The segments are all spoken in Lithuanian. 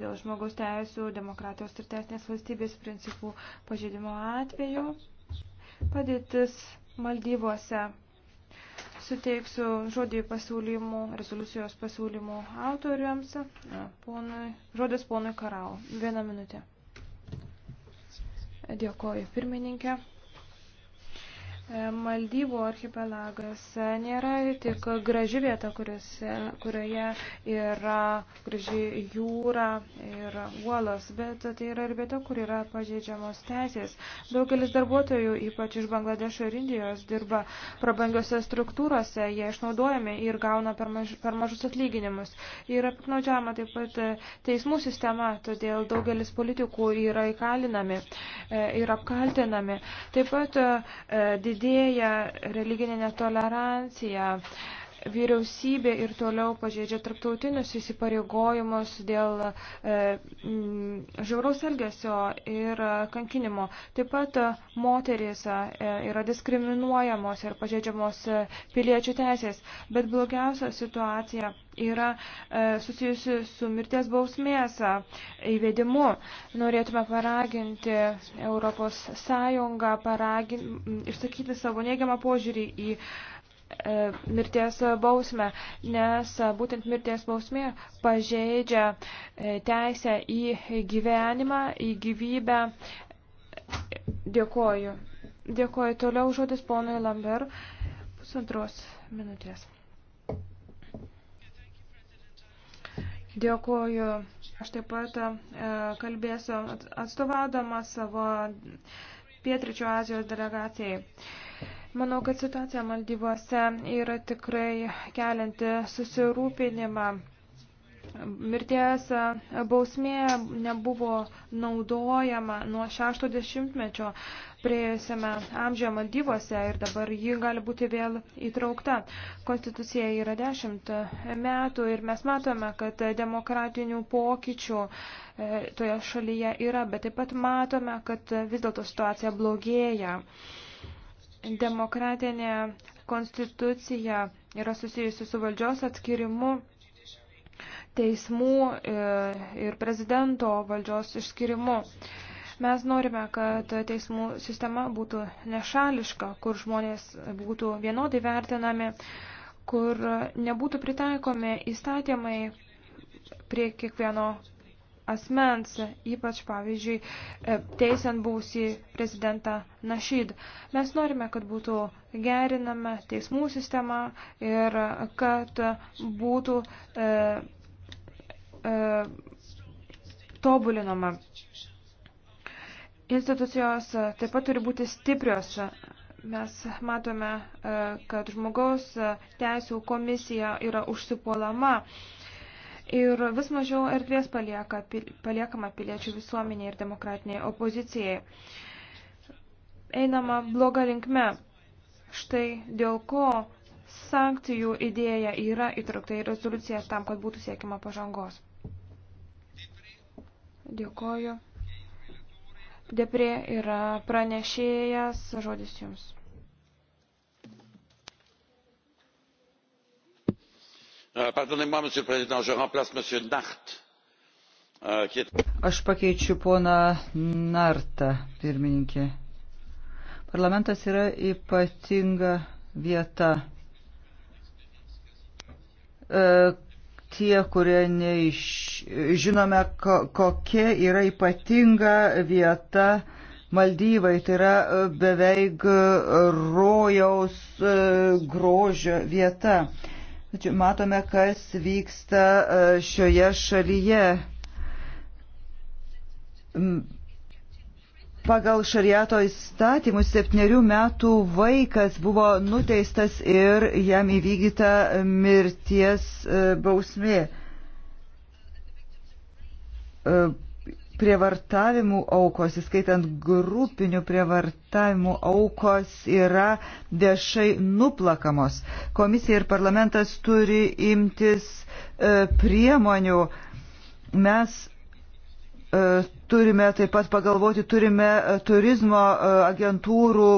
dėl žmogaus teisų, demokratijos ir teisinės valstybės principų pažeidimo atveju. Padėtis Maldyvose. Suteiksiu žodį pasiūlymų, rezoliucijos pasiūlymų autoriams. Ponui, žodis ponui Karau. Vieną minutę. Dėkoju pirmininkė. E, Maldyvų archipelagas e, nėra tik graži vieta, kuriuose, kurioje yra graži jūra ir uolos, bet tai yra ir vieta, kur yra pažeidžiamos teisės. Daugelis darbuotojų, ypač iš Bangladešo ir Indijos, dirba prabangiose struktūrose, jie išnaudojami ir gauna per, maž, per mažus atlyginimus. Yra piknaudžiama taip pat teismų sistema, todėl daugelis politikų yra įkalinami e, ir apkaltinami. Taip pat didėja religinė netolerancija vyriausybė ir toliau pažeidžia tarptautinius įsipareigojimus dėl e, žiauraus elgesio ir kankinimo. Taip pat moterys e, yra diskriminuojamos ir pažeidžiamos piliečių teisės, bet blogiausia situacija yra e, susijusi su mirties bausmės įvedimu. Norėtume paraginti Europos Sąjungą, paragin, išsakyti savo neigiamą požiūrį į e, E, mirties bausmę, nes būtent mirties bausmė pažeidžia e, teisę į gyvenimą, į gyvybę. Dėkoju. Dėkoju. Toliau žodis ponui Lambert. Pusantros minutės. Dėkoju. Aš taip pat e, kalbėsiu atstovaudama savo Pietričio Azijos delegacijai. Manau, kad situacija Maldyvuose yra tikrai kelianti susirūpinimą. Mirties e, bausmė nebuvo naudojama nuo 60-mečio prieėjusiame amžiuje Maldyvose ir dabar ji gali būti vėl įtraukta. Konstitucija yra 10 metų ir mes matome, kad demokratinių pokyčių e, toje šalyje yra, bet taip pat matome, kad vis dėlto situacija blogėja demokratinė konstitucija yra susijusi su valdžios atskirimu, teismų e, ir prezidento valdžios išskirimu. Mes norime, kad teismų sistema būtų nešališka, kur žmonės būtų vienodai vertinami, kur nebūtų pritaikomi įstatymai prie kiekvieno asmens, ypač pavyzdžiui, e, teisiant būsį prezidentą Našyd. Mes norime, kad būtų gerinama teismų sistema ir kad būtų e, e, tobulinama. Institucijos taip pat turi būti stiprios mes matome, e, kad žmogaus teisų komisija yra užsipuolama ir vis mažiau erdvės palieka, paliekama piliečių visuomeniai ir demokratiniai opozicijai. Einama bloga linkme. Štai dėl ko sankcijų idėja yra įtraukta į rezoliuciją tam, kad būtų siekima pažangos. Dėkoju. Deprė yra pranešėjas, žodis jums. Euh, pardonnez moi monsieur le président je remplace m. nart euh, qui est. aš pakeičiu poną nartą pirmininke. parlamentas yra ypatinga vieta. E, tie, kurie neiš... žinome, kokia yra ypatinga vieta Maldyvai, tai yra e, beveik rojaus e, grožio vieta matome, kas vyksta e, šioje šalyje. Pagal šariato įstatymus septyniarių metų vaikas buvo nuteistas ir jam įvykdyta mirties e, bausmė e, prievartavimų aukos, įskaitant grupinių prievartavimų aukos, yra viešai nuplakamos. Komisija ir parlamentas turi imtis e, priemonių. Mes e, turime taip pat pagalvoti, turime e, turizmo e, agentūrų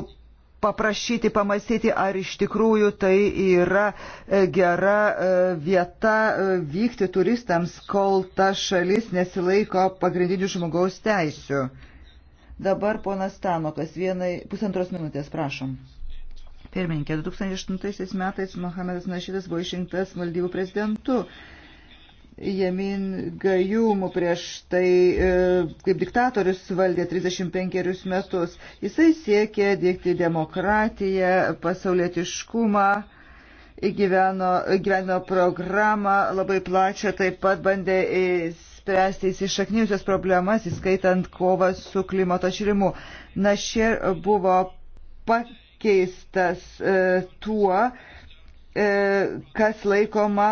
paprašyti pamastyti, ar iš tikrųjų tai yra e, gera e, vieta e, vykti turistams, kol ta šalis nesilaiko pagrindinių žmogaus teisių. Dabar ponas Stanokas, vienai pusantros minutės, prašom. Pirmininkė, 2008 metais Mohamedas Našydas buvo išrinktas Maldyvų prezidentu. Jemin Gajumų prieš tai e, kaip diktatorius valdė 35 metus. Jisai siekė dėkti demokratiją, pasaulietiškumą, gyveno, gyveno programą labai plačią, taip pat bandė spręsti įsišaknyjusias problemas, įskaitant kovą su klimato šilimu. Našir buvo pakeistas e, tuo, e, kas laikoma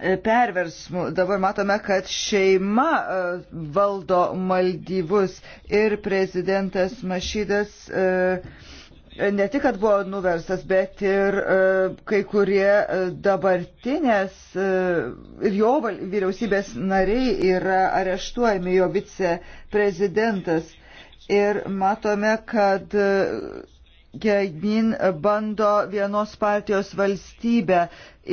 perversmų. Dabar matome, kad šeima e, valdo Maldyvus ir prezidentas Mašydas e, ne tik, kad buvo nuversas, bet ir e, kai kurie dabartinės ir jo vyriausybės nariai yra areštuojami, jo viceprezidentas. Ir matome, kad Gemin bando vienos partijos valstybę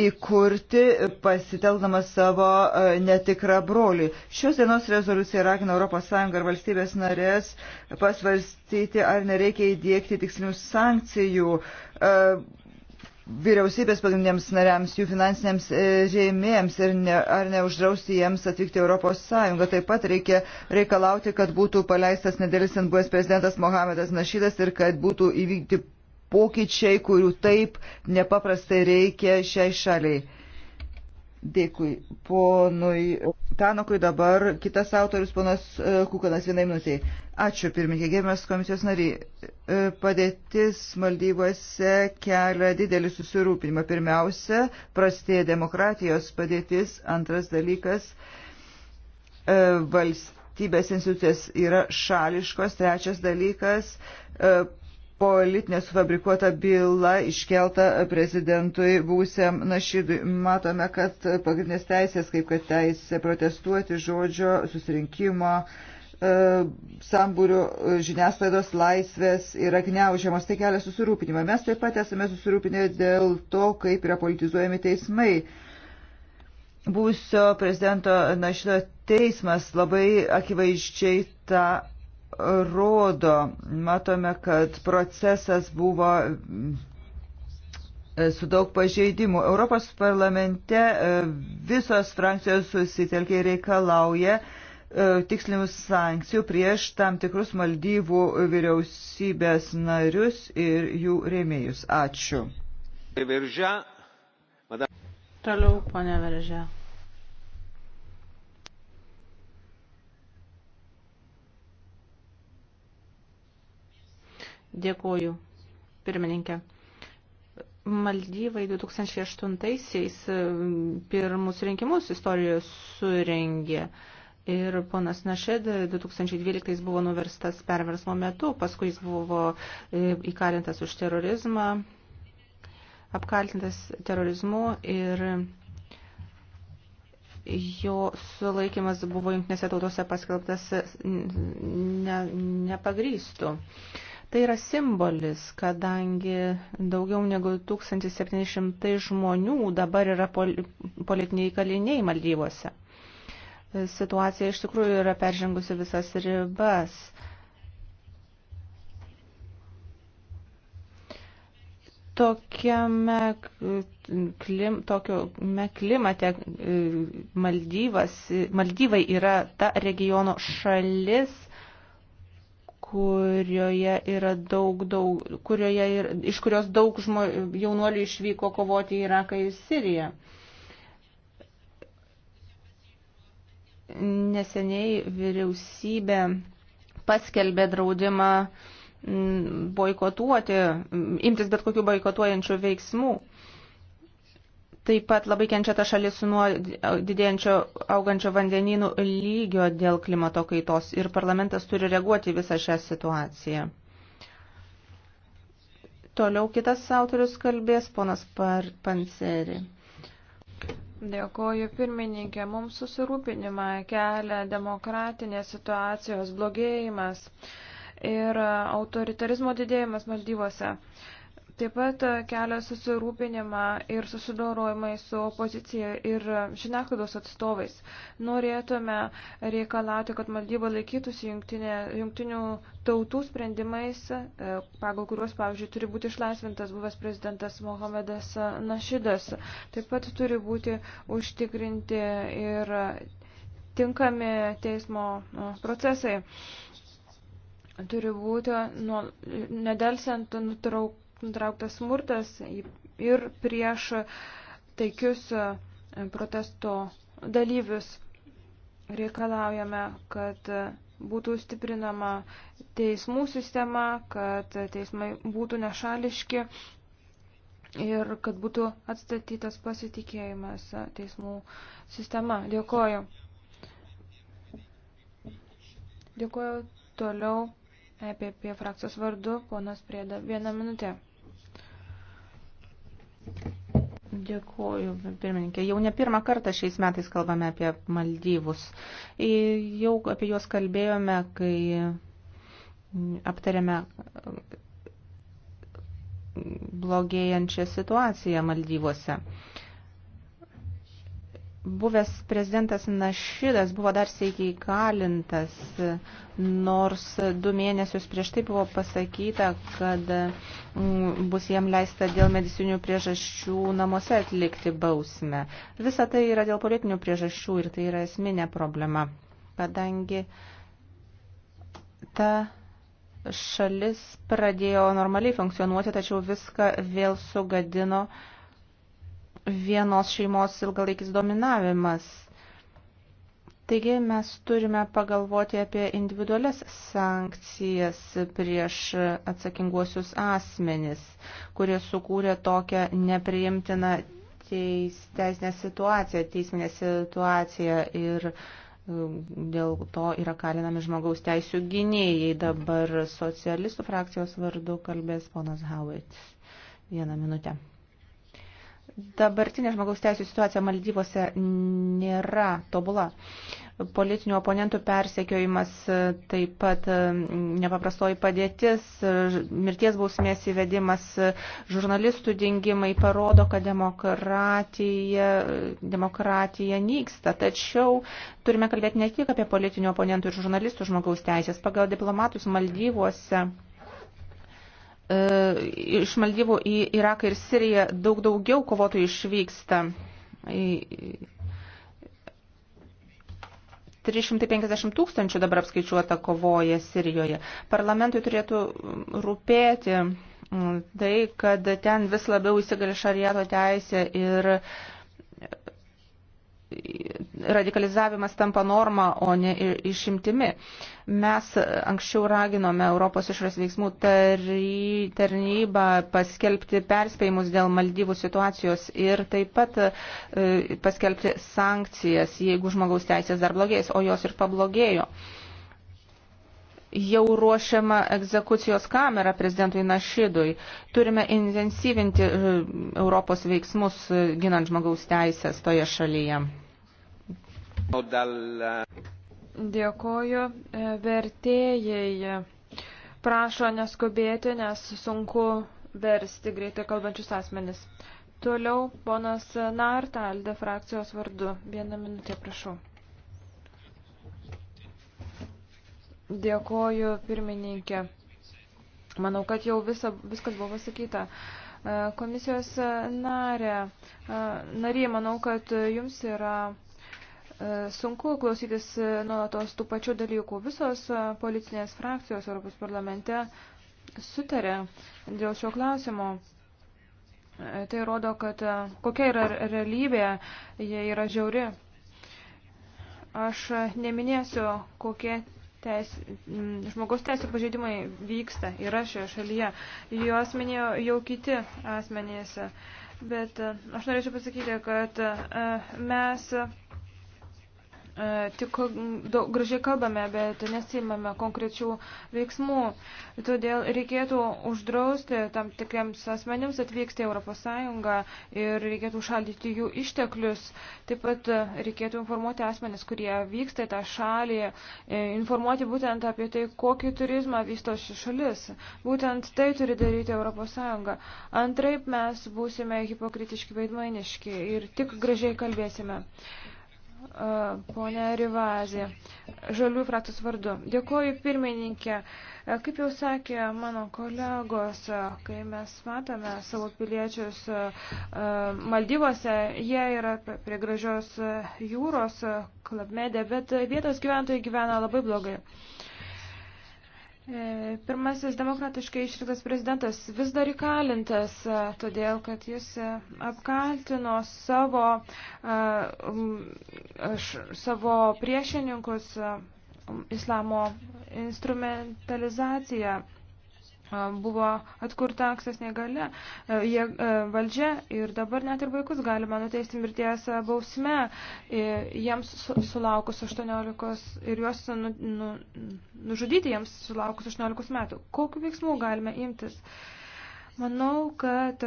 įkurti, pasitelkdama savo e, netikrą brolį. Šios dienos rezoliucija ragina ES ir valstybės narės pasvarstyti, ar nereikia įdėkti tikslinių sankcijų e, vyriausybės pagrindiniams nariams, jų finansiniams e, žaimėjams ir ne, ar neuždrausti jiems atvykti Europos Sąjungą. Taip pat reikia reikalauti, kad būtų paleistas nedėlisant buvęs prezidentas Mohamedas Našydas ir kad būtų įvykti pokyčiai, kurių taip nepaprastai reikia šiai šaliai. Dėkui. Ponui Tanokui dabar kitas autorius, ponas e, Kukanas, vienai minutiai. Ačiū, pirmininkė, gėmės komisijos nariai. E, padėtis Maldyvose kelia didelį susirūpinimą. Pirmiausia, prastėja demokratijos padėtis. Antras dalykas, e, valstybės institucijas yra šališkos. Trečias dalykas, e, politinė sufabrikuota byla iškelta prezidentui būsiam našydui. Matome, kad pagrindinės teisės, kaip kad teisė protestuoti žodžio susirinkimo, E, sambūrių e, žiniasklaidos laisvės yra gniaužiamos, tai kelia susirūpinimą. Mes taip pat esame susirūpinę dėl to, kaip yra politizuojami teismai. Būsio prezidento Našino teismas labai akivaizdžiai tą rodo. Matome, kad procesas buvo e, su daug pažeidimų. Europos parlamente visos frakcijos susitelkiai reikalauja E, tikslinių sankcijų prieš tam tikrus Maldyvų vyriausybės narius ir jų rėmėjus. Ačiū. Toliau, ponia Veržė. Dėkuoju, pirmininkė. Maldyvai 2008-aisiais e, pirmus rinkimus istorijoje surengė. Ir ponas Našed 2012 buvo nuverstas perversmo metu, paskui jis buvo e, įkalintas už terorizmą, apkaltintas terorizmu ir jo sulaikimas buvo jungtinėse tautose paskelbtas ne, nepagrystų. Tai yra simbolis, kadangi daugiau negu 1700 žmonių dabar yra pol politiniai kaliniai Maldyvose situacija iš tikrųjų yra peržengusi visas ribas. Tokiame, klim, tokiame klimate e, Maldyvas, Maldyvai yra ta regiono šalis, kurioje yra daug, daug, kurioje ir, iš kurios daug žmo, jaunuolių išvyko kovoti į Iraką ir Siriją. Uh, neseniai vyriausybė paskelbė draudimą mm, boikotuoti, mm, imtis bet kokių boikotuojančių veiksmų. Taip pat labai kenčia ta šalis nuo didėjančio augančio vandenynų lygio dėl klimato kaitos ir parlamentas turi reaguoti visą šią situaciją. Toliau kitas autorius kalbės, ponas Panseri. Dėkoju pirmininkė, mums susirūpinimą kelia demokratinės situacijos blogėjimas ir autoritarizmo didėjimas Maldyvose. Taip pat e, kelia susirūpinimą ir susidorojimai su opozicija ir žiniasklaidos atstovais. Norėtume reikalauti, kad Maldyva laikytųsi jungtinė, jungtinių tautų sprendimais, e, pagal kuriuos, pavyzdžiui, turi būti išlaisvintas buvęs prezidentas Mohamedas Našidas. Taip pat turi būti užtikrinti ir tinkami teismo e, procesai turi būti nuo, nedelsiant nutrauk, nutrauktas smurtas ir prieš taikius e, protesto dalyvius. Reikalaujame, kad e, būtų stiprinama teismų sistema, kad teismai būtų nešališki ir kad būtų atstatytas pasitikėjimas e, teismų sistema. Dėkoju. Dėkoju toliau EPP frakcijos vardu, ponas Prieda. Vieną minutę. Dėkuoju, pirmininkė. Jau ne pirmą kartą šiais metais kalbame apie Maldyvus. Jau apie juos kalbėjome, kai aptarėme blogėjančią situaciją Maldyvuose buvęs prezidentas Našidas buvo dar seikiai įkalintas, nors du mėnesius prieš tai buvo pasakyta, kad mm, bus jam leista dėl medicinių priežasčių namuose atlikti bausmę. Visa tai yra dėl politinių priežasčių ir tai yra esminė problema, kadangi ta šalis pradėjo normaliai funkcionuoti, tačiau viską vėl sugadino uh, vienos šeimos ilgalaikis dominavimas. Taigi mes turime pagalvoti apie individualias sankcijas prieš atsakinguosius asmenis, kurie sukūrė tokią nepriimtiną teis, teisinę situaciją, teisminę situaciją ir um, dėl to yra kalinami žmogaus teisų gynėjai. Dabar socialistų frakcijos vardu kalbės ponas Howitt. Vieną minutę. Dabartinė žmogaus teisų situacija Maldyvose nėra tobula. Politinių oponentų persekiojimas, taip pat nepaprastoji padėtis, mirties bausmės įvedimas, žurnalistų dingimai parodo, kad demokratija, demokratija nyksta. Tačiau turime kalbėti ne tik apie politinių oponentų ir žurnalistų žmogaus teisės. Pagal diplomatus Maldyvose E, iš Maldyvų į Iraką ir Siriją daug daugiau kovotojų išvyksta. 350 e, tūkstančių dabar apskaičiuota kovoja Sirijoje. Parlamentui turėtų rūpėti tai, kad ten vis labiau įsigali šariato teisė ir uh, radikalizavimas tampa norma, o ne išimtimi. Mes anksčiau raginome Europos išras veiksmų tarnybą paskelbti perspėjimus dėl Maldyvų situacijos ir taip pat e, paskelbti sankcijas, jeigu žmogaus teisės dar blogės, o jos ir pablogėjo jau ruošiama egzekucijos kamera prezidentui Našidui. Turime intensyvinti e, Europos veiksmus e, ginant žmogaus teisės toje šalyje. Dėkoju e, vertėjai. Prašo neskubėti, nes sunku versti greitai kalbančius asmenis. Toliau ponas Nartalde frakcijos vardu. Vieną minutę prašau. Dėkoju, pirmininkė. Manau, kad jau visa, viskas buvo pasakyta. E, komisijos narė, e, narė, manau, kad jums yra e, sunku klausytis nuolatos tų pačių dalykų. Visos policinės frakcijos Europos parlamente sutarė dėl šio klausimo. Tai rodo, kad kokia yra realybė, jie yra žiauri. Aš neminėsiu, kokie teis, žmogaus teisų pažeidimai vyksta, yra šioje šalyje. Juos minėjo jau kiti asmenys. Bet e, aš norėčiau pasakyti, kad e, mes E, tik daug, gražiai kalbame, bet nesimame konkrečių veiksmų. Todėl reikėtų uždrausti tam tikriams asmenims atvykti Europos Sąjungą ir reikėtų šaldyti jų išteklius. Taip pat reikėtų informuoti asmenis, kurie vyksta į tą šalį, e, informuoti būtent apie tai, kokį turizmą vysto ši šalis. Būtent tai turi daryti Europos Sąjunga. Antraip mes būsime hipokritiški veidmainiški ir tik gražiai kalbėsime ponė Rivazė, žalių frakcijos vardu. Dėkuoju pirmininkė. Kaip jau sakė mano kolegos, kai mes matome savo piliečius Maldyvose, jie yra prie gražios jūros, klubmedė, bet vietos gyventojai gyvena labai blogai. E, pirmasis demokratiškai išrinktas prezidentas vis dar įkalintas, e, todėl kad jis e, apkaltino savo, savo priešininkus islamo instrumentalizaciją buvo atkurta ankstesnė gale, jie valdžia ir dabar net ir vaikus galima nuteisti mirties bausme, jiems sulaukus 18 ir juos nu, nu, nužudyti jiems sulaukus 18 metų. Kokiu veiksmu galime imtis? Manau, kad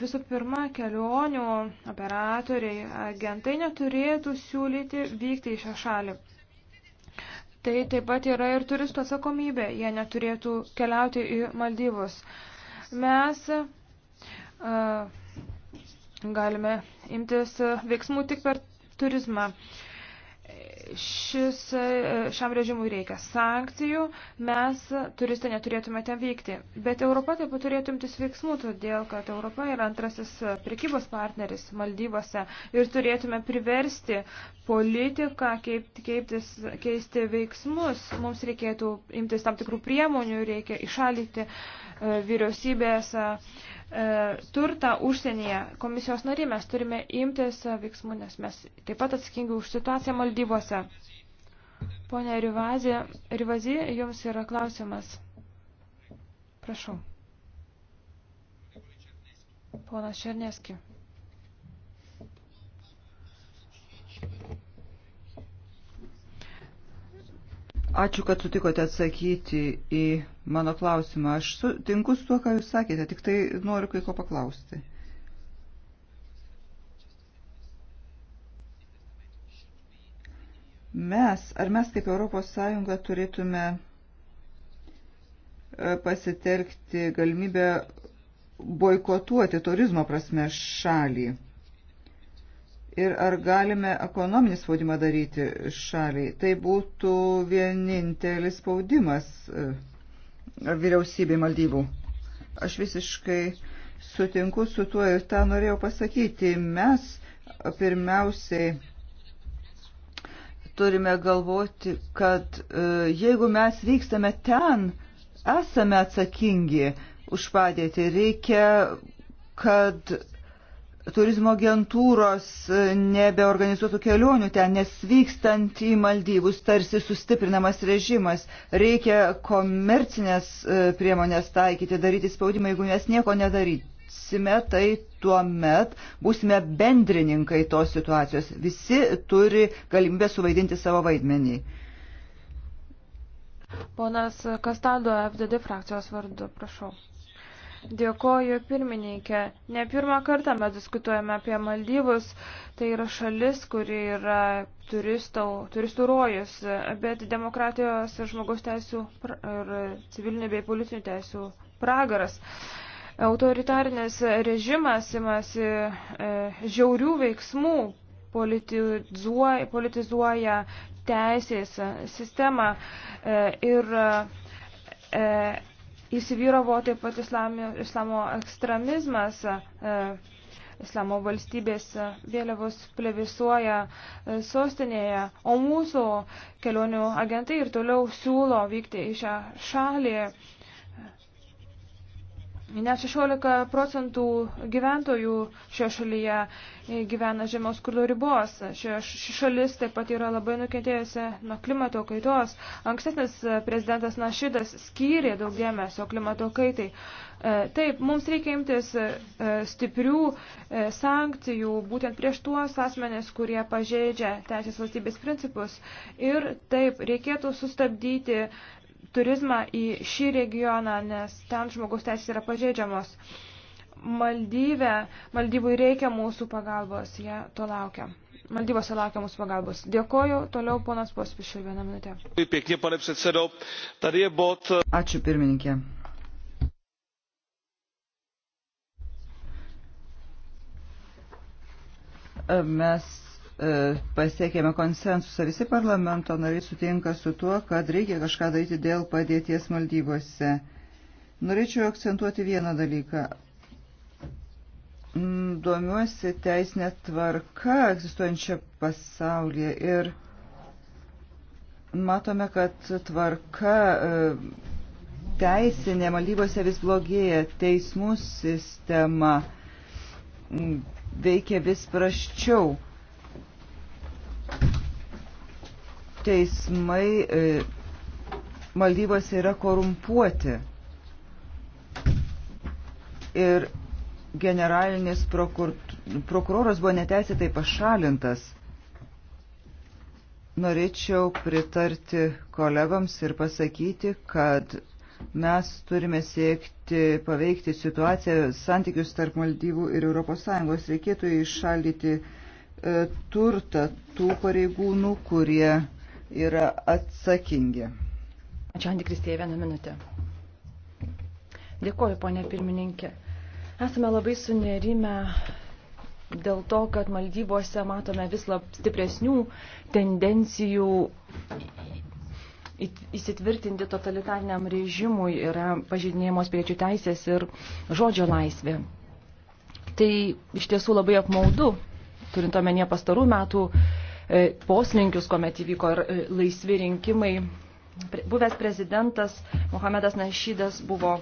visų pirma, kelionių operatoriai, agentai neturėtų siūlyti vykti į šią šalį tai taip pat yra ir turistų atsakomybė. Jie neturėtų keliauti į Maldyvus. Mes uh, galime imtis veiksmų tik per turizmą. Uh, šis, e, šiam režimui reikia sankcijų, mes turistai neturėtume ten vykti. Bet Europa taip pat turėtų imtis veiksmų, todėl kad Europa yra antrasis prekybos partneris Maldyvose ir turėtume priversti politiką keiptis, keisti veiksmus. Mums reikėtų imtis tam tikrų priemonių, reikia išalyti e, vyriausybės E, turtą užsienyje. Komisijos nariai mes turime imtis veiksmų, nes mes taip pat atsakingi už situaciją Maldyvose. Pone Rivazė, Rivazi, jums yra klausimas. Prašau. Ponas Černeski. Ačiū, kad sutikote atsakyti į mano klausimą. Aš sutinku su tuo, ką jūs sakėte, tik tai noriu kai ko paklausti. Mes, ar mes kaip Europos Sąjunga turėtume e, pasitelkti galimybę boikotuoti turizmo prasme šalį? ir ar galime ekonominį spaudimą daryti šaliai. Tai būtų vienintelis spaudimas e, vyriausybei Maldyvų. Aš visiškai sutinku su tuo ir tą norėjau pasakyti. Mes pirmiausiai turime galvoti, kad e, jeigu mes vykstame ten, esame atsakingi už padėtį. Reikia, kad turizmo agentūros e, nebeorganizuotų kelionių ten, nes vykstant į Maldyvus tarsi sustiprinamas režimas. Reikia komercinės e, priemonės taikyti, daryti spaudimą, jeigu mes nieko nedarysime, tai tuo met būsime bendrininkai tos situacijos. Visi turi galimybę suvaidinti savo vaidmenį. Ponas Kastaldo, FDD frakcijos vardu, prašau. Dėkoju pirmininkė. Ne pirmą kartą mes diskutuojame apie Maldyvus. Tai yra šalis, kuri yra turistų, turistų rojus, bet demokratijos ir žmogaus teisų ir civilinių bei politinių teisų pragaras. Autoritarinis režimas imasi e, žiaurių veiksmų, politizuoja, politizuoja teisės sistemą e, ir e, Įsivyravo taip pat islamio, islamo ekstremizmas, e, islamo valstybės vėliavos plevisuoja e, sostinėje, o mūsų kelionių agentai ir toliau siūlo vykti į šią šalį Net 16 procentų gyventojų šioje šalyje gyvena žemos skurdo ribos. Ši šalis taip pat yra labai nukentėjusi nuo klimato kaitos. Ankstesnis prezidentas Našidas skyrė daug dėmesio klimato kaitai. E, taip, mums reikia imtis e, stiprių e, sankcijų būtent prieš tuos asmenės, kurie pažeidžia teisės valstybės principus. Ir taip, reikėtų sustabdyti uh, turizmą į šį regioną, nes ten žmogus teisės yra pažeidžiamos. Maldyvė, Maldyvui reikia mūsų pagalbos, jie ja, to laukia. Maldivose laukia mūsų pagalbos. Dėkoju, toliau ponas Pospišil, vieną minutę. E, Ačiū pirmininkė. Mes E, pasiekėme konsensusą. Visi parlamento nariai sutinka su tuo, kad reikia kažką daryti dėl padėties Maldyvose. Norėčiau akcentuoti vieną dalyką. Mm, domiuosi teisinė tvarka egzistuojančia pasaulyje ir matome, kad tvarka e, teisinė Maldyvose vis blogėja, teismų sistema mm, veikia vis praščiau teismai e, Maldyvose yra korumpuoti. Ir generalinis prokur... prokuroras buvo neteisėtai pašalintas. Norėčiau pritarti kolegoms ir pasakyti, kad mes turime siekti paveikti situaciją santykius tarp Maldyvų ir ES. Reikėtų iššaldyti e, turtą tų pareigūnų, kurie yra atsakingi. Ačiū, Antikristėje, vieną minutę. Dėkuoju, ponė pirmininkė. Esame labai sunerime dėl to, kad Maldyvose matome vis lab stipresnių tendencijų įsitvirtinti totalitariniam režimui yra pažydinėjimos piliečių teisės ir žodžio laisvė. Tai iš tiesų labai apmaudu, turint omenyje pastarų metų E, poslinkius, kuomet įvyko ir e, laisvi rinkimai. Buvęs prezidentas Mohamedas Našydas buvo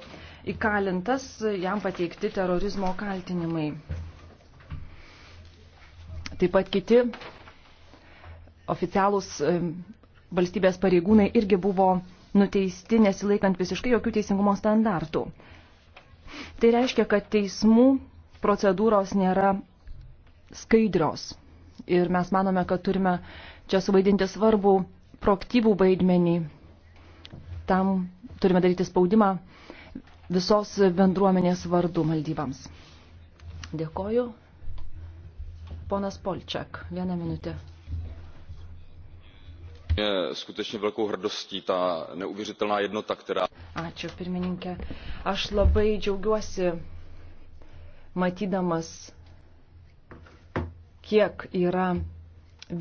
įkalintas, jam pateikti terorizmo kaltinimai. Taip pat kiti oficialūs e, valstybės pareigūnai irgi buvo nuteisti, nesilaikant visiškai jokių teisingumo standartų. Tai reiškia, kad teismų procedūros nėra skaidrios ir mes manome, kad turime čia suvaidinti svarbų proaktyvų vaidmenį. Tam turime daryti spaudimą visos bendruomenės vardu Maldyvams. Dėkoju. Ponas Polčak, vieną minutę. Je skutečně velkou hrdostí ta neuvěřitelná jednota, která. Ačiū, pirmininkė. Aš labai džiaugiuosi matydamas kiek yra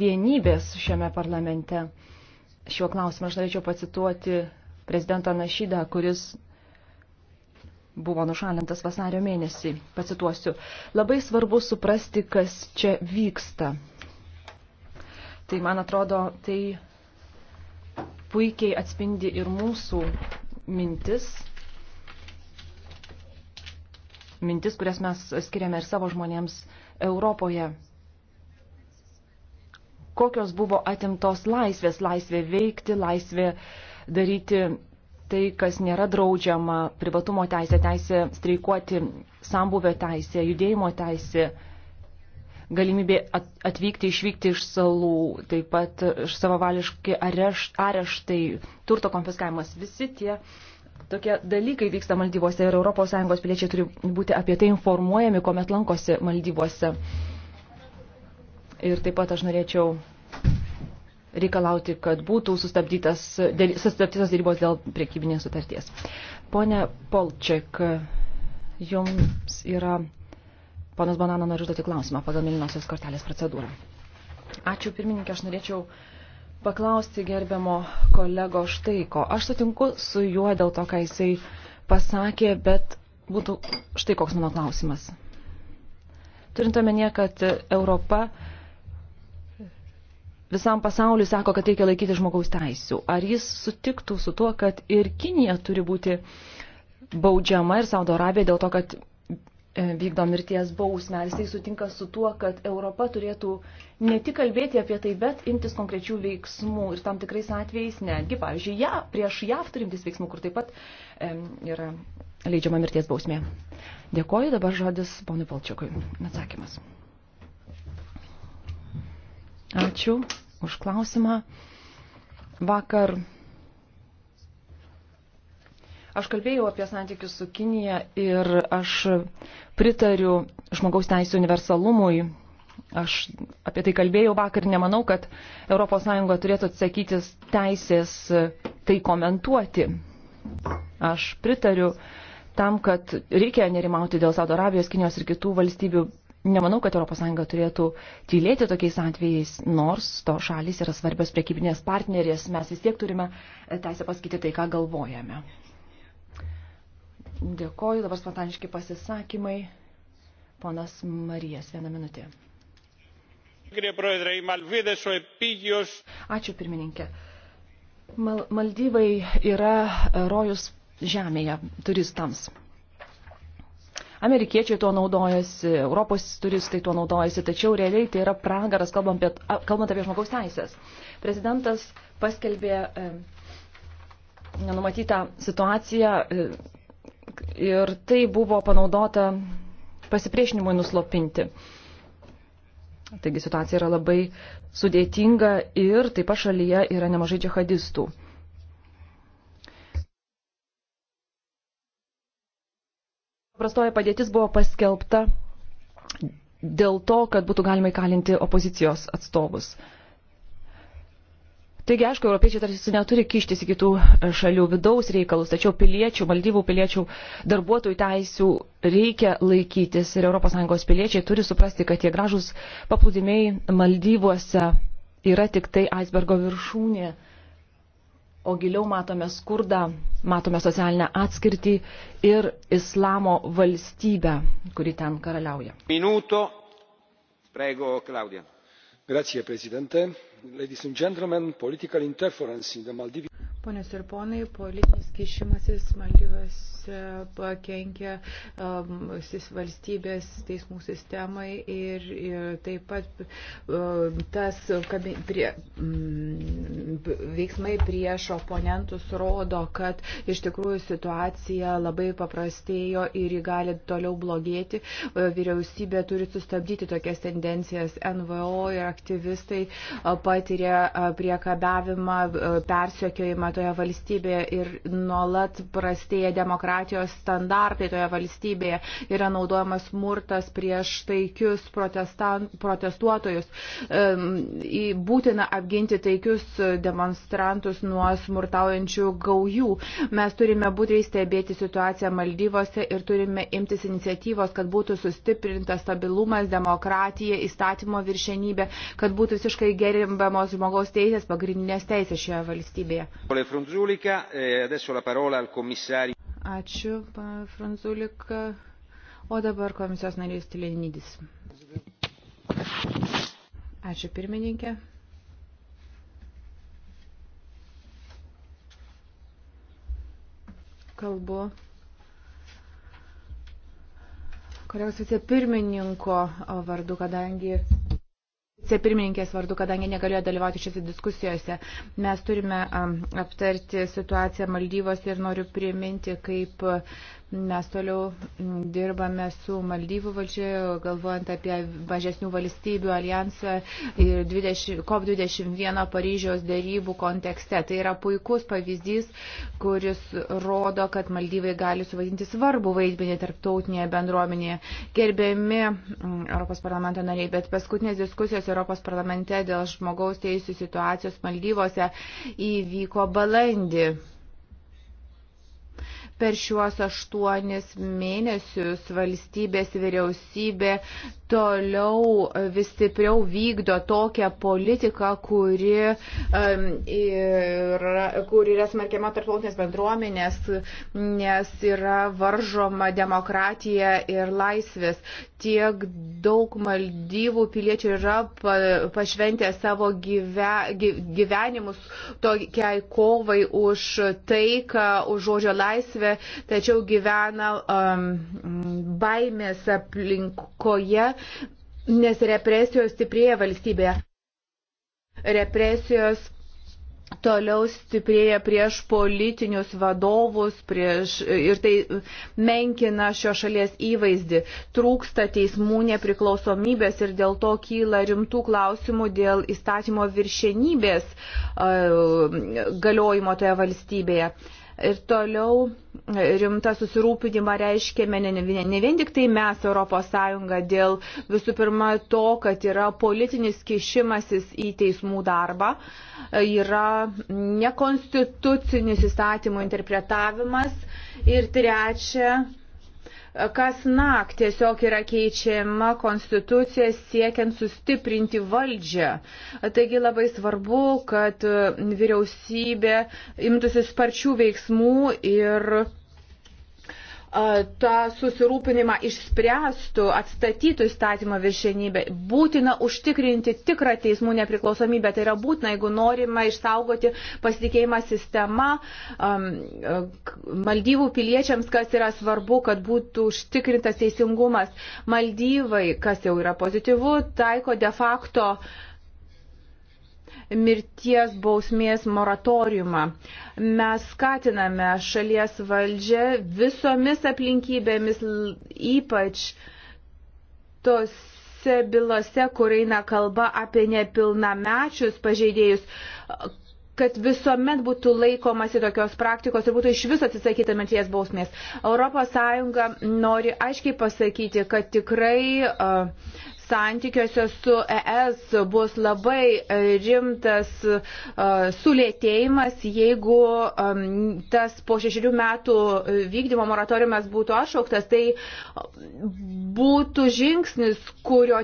vienybės šiame parlamente. Šiuo klausimu aš norėčiau pacituoti prezidentą Našydą, kuris buvo nušalintas vasario mėnesį. Pacituosiu. Labai svarbu suprasti, kas čia vyksta. Tai, man atrodo, tai puikiai atspindi ir mūsų mintis, mintis, kurias mes skiriame ir savo žmonėms Europoje kokios buvo atimtos laisvės, laisvė veikti, laisvė daryti tai, kas nėra draudžiama, privatumo teisė, teisė streikuoti, sambuvio teisė, judėjimo teisė, galimybė atvykti, išvykti iš salų, taip pat savavališki arešt, areštai, turto konfiskavimas, visi tie tokie dalykai vyksta Maldyvose ir ES piliečiai turi būti apie tai informuojami, kuomet lankosi Maldyvose. Ir taip pat aš norėčiau reikalauti, kad būtų sustabdytas, sustabdytas dėrybos dėl priekybinės sutarties. Pone Polčiak, jums yra. Ponas Banano nori užduoti klausimą pagal mėlynosios kortelės procedūrą. Ačiū pirmininkė, aš norėčiau paklausti gerbiamo kolego štai ko. Aš sutinku su juo dėl to, ką jisai pasakė, bet būtų štai koks mano klausimas. Turint omenyje, kad Europa visam pasauliu sako, kad reikia laikyti žmogaus teisų. Ar jis sutiktų su tuo, kad ir Kinija turi būti baudžiama ir Saudo Arabija dėl to, kad e, vykdo mirties bausmę, ar jisai sutinka su tuo, kad Europa turėtų ne tik kalbėti apie tai, bet imtis konkrečių veiksmų ir tam tikrais atvejais netgi, pavyzdžiui, ja, prieš JAV turintis veiksmų, kur taip pat e, yra leidžiama mirties bausmė. Dėkoju, dabar žodis ponui Palčiukui. Atsakymas. Ačiū už klausimą. Vakar Aš kalbėjau apie santykius su Kinija ir aš pritariu žmogaus teisų universalumui. Aš apie tai kalbėjau vakar ir nemanau, kad ES turėtų atsakytis teisės tai komentuoti. Aš pritariu tam, kad reikia nerimauti dėl Saudo Arabijos, Kinijos ir kitų valstybių, Nemanau, kad ES turėtų tylėti tokiais atvejais, nors to šalis yra svarbios prekybinės partnerės, mes vis tiek turime e, teisę pasakyti tai, ką galvojame. Dėkoju, dabar spontaniški pasisakymai. Ponas Marijas, vieną minutę. Ačiū pirmininkė. Mal Maldyvai yra e, rojus žemėje turistams. Amerikiečiai tuo naudojasi, Europos turistai tuo naudojasi, tačiau realiai tai yra pragaras, kalbant apie, kalbant apie žmogaus teisės. Prezidentas paskelbė e, nenumatytą situaciją e, ir tai buvo panaudota pasipriešinimui nuslopinti. Taigi situacija yra labai sudėtinga ir taip pat šalyje yra nemažai džihadistų. Paprastoji padėtis buvo paskelbta dėl to, kad būtų galima įkalinti opozicijos atstovus. Taigi, aišku, europiečiai tarsi neturi kištis į kitų šalių vidaus reikalus, tačiau piliečių, valdyvų piliečių, darbuotojų teisių reikia laikytis ir ES piliečiai turi suprasti, kad tie gražūs paplūdimiai Maldyvuose yra tik tai aisbergo viršūnė o giliau matome skurdą, matome socialinę atskirtį ir islamo valstybę, kuri ten karaliauja. Minuto. Prego, Claudia. Grazie, Presidente Ponios ir ponai, politinis kišimasis Maldyvas e, pakenkia um, valstybės teismų sistemai ir, ir e, taip pat um, tas kabi, prie, um, veiksmai prieš oponentus rodo, kad iš tikrųjų situacija labai paprastėjo ir ji gali toliau blogėti. Vyriausybė turi sustabdyti tokias tendencijas. NVO ir aktyvistai uh, patyrė priekabiavimą, persiokiojimą toje valstybėje ir nuolat prastėja demokratijos standartai toje valstybėje, yra naudojamas smurtas prieš taikius protestuotojus. Būtina apginti taikius demonstrantus nuo smurtaujančių gaujų. Mes turime būtriai stebėti situaciją Maldyvose ir turime imtis iniciatyvos, kad būtų sustiprintas stabilumas, demokratija, įstatymo viršenybė, kad būtų visiškai gerimba gerbiamos žmogaus teisės, pagrindinės teisės šioje valstybėje. E, Ačiū, Franzulika. O dabar komisijos narys Tilenidis. Ačiū pirmininkė. Kalbu kolegos vicepirmininko vardu, kadangi vicepirmininkės vardu, kadangi negalėjo dalyvauti šiose diskusijose. Mes turime aptarti situaciją Maldyvos ir noriu priminti, kaip mes toliau dirbame su Maldyvų valdžia, galvojant apie mažesnių valstybių alijansą ir 20, COP21 Paryžiaus dėrybų kontekste. Tai yra puikus pavyzdys, kuris rodo, kad Maldyvai gali suvaidinti svarbų vaidmenį tarptautinėje bendruomenėje. Gerbiami Europos parlamento nariai, bet paskutinės diskusijos Europos parlamente dėl žmogaus teisų situacijos Maldyvose įvyko balandį. Per šiuos aštuonis mėnesius valstybės vyriausybė toliau vis stipriau vykdo tokią politiką, kuri, um, yra, kuri yra smarkiama tarptautinės bendruomenės, nes yra varžoma demokratija ir laisvės. Tiek daug maldyvų piliečių yra pa, pašventę savo gyve, gyvenimus tokiai kovai už taiką, už žodžio laisvę Kijeve, tačiau gyvena um, baimės aplinkoje, nes represijos stiprėja valstybėje. Represijos toliau stiprėja prieš politinius vadovus prieš, ir tai menkina šio šalies įvaizdį. Trūksta teismų nepriklausomybės ir dėl to kyla rimtų klausimų dėl įstatymo viršenybės uh, galiojimo toje valstybėje ir toliau rimtą susirūpinimą reiškėme ne, ne, ne vien tik tai mes ES dėl visų pirma to, kad yra politinis kišimasis į teismų darbą, yra nekonstitucinis įstatymų interpretavimas ir trečia Kas nakt tiesiog yra keičiama konstitucija siekiant sustiprinti valdžią. Taigi labai svarbu, kad vyriausybė imtųsi sparčių veiksmų ir tą susirūpinimą išspręstų, atstatytų įstatymo viršenybę. Būtina užtikrinti tikrą teismų nepriklausomybę. Tai yra būtina, jeigu norima išsaugoti pasitikėjimą sistema Maldyvų piliečiams, kas yra svarbu, kad būtų užtikrintas teisingumas. Maldyvai, kas jau yra pozityvu, taiko de facto uh, mirties bausmės moratoriumą. Mes skatiname šalies valdžią visomis aplinkybėmis, ypač tose bylose, kur eina kalba apie nepilnamečius pažeidėjus kad visuomet būtų laikomasi tokios praktikos ir būtų iš viso atsisakyta mirties bausmės. ES nori aiškiai pasakyti, kad tikrai uh, santykiuose su ES bus labai rimtas e, sulėtėjimas, jeigu tas po šešių metų vykdymo moratoriumas būtų atšauktas, tai būtų žingsnis, kurio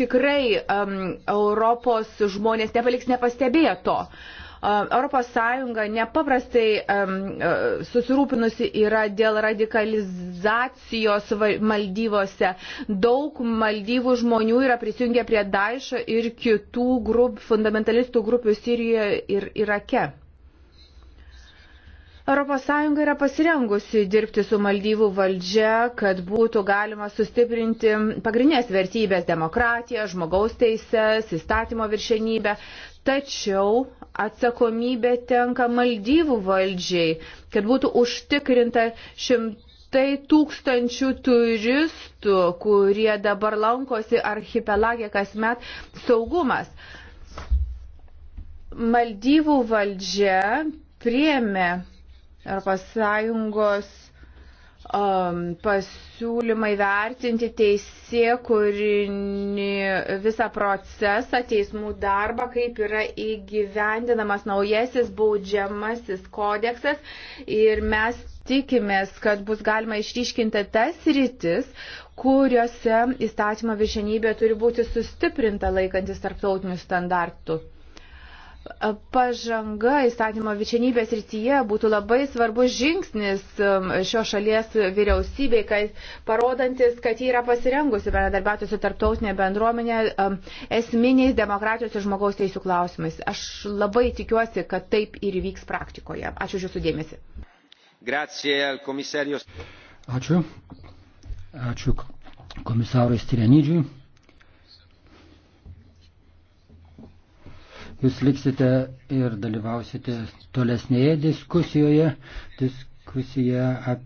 tikrai um, Europos žmonės nepaliks nepastebėję to. Uh, Europos Sąjunga nepaprastai e, susirūpinusi yra dėl radikalizacijos Maldyvose. Daug Maldyvų žmonių yra prisijungę prie Daišo ir kitų grup, fundamentalistų grupių Sirijoje ir Irake. ES yra pasirengusi dirbti su Maldyvų valdžia, kad būtų galima sustiprinti pagrindinės vertybės - demokratiją, žmogaus teises, įstatymo viršenybę. Tačiau atsakomybė tenka Maldyvų valdžiai, kad būtų užtikrinta šimtai tūkstančių turistų, kurie dabar lankosi archipelagė kasmet saugumas. Maldyvų valdžia priemė ES um, pasiūlymai vertinti teisė, kuri visą procesą, teismų darbą, kaip yra įgyvendinamas naujasis baudžiamasis kodeksas. Ir mes tikimės, kad bus galima išryškinti tas rytis, kuriuose įstatymo viršenybė turi būti sustiprinta laikantis tarptautinių standartų pažanga įstatymo vičianybės rytyje būtų labai svarbus žingsnis um, šios šalies vyriausybei, kad parodantis, kad ji yra pasirengusi bendradarbiauti su tarptautinė bendruomenė um, esminiais demokratijos ir žmogaus teisų klausimais. Aš labai tikiuosi, kad taip ir vyks praktikoje. Ačiū už Jūsų dėmesį. Grazie, Ačiū. Ačiū komisarui Styrenydžiui. Jūs liksite ir dalyvausite tolesnėje diskusijoje, diskusijoje apie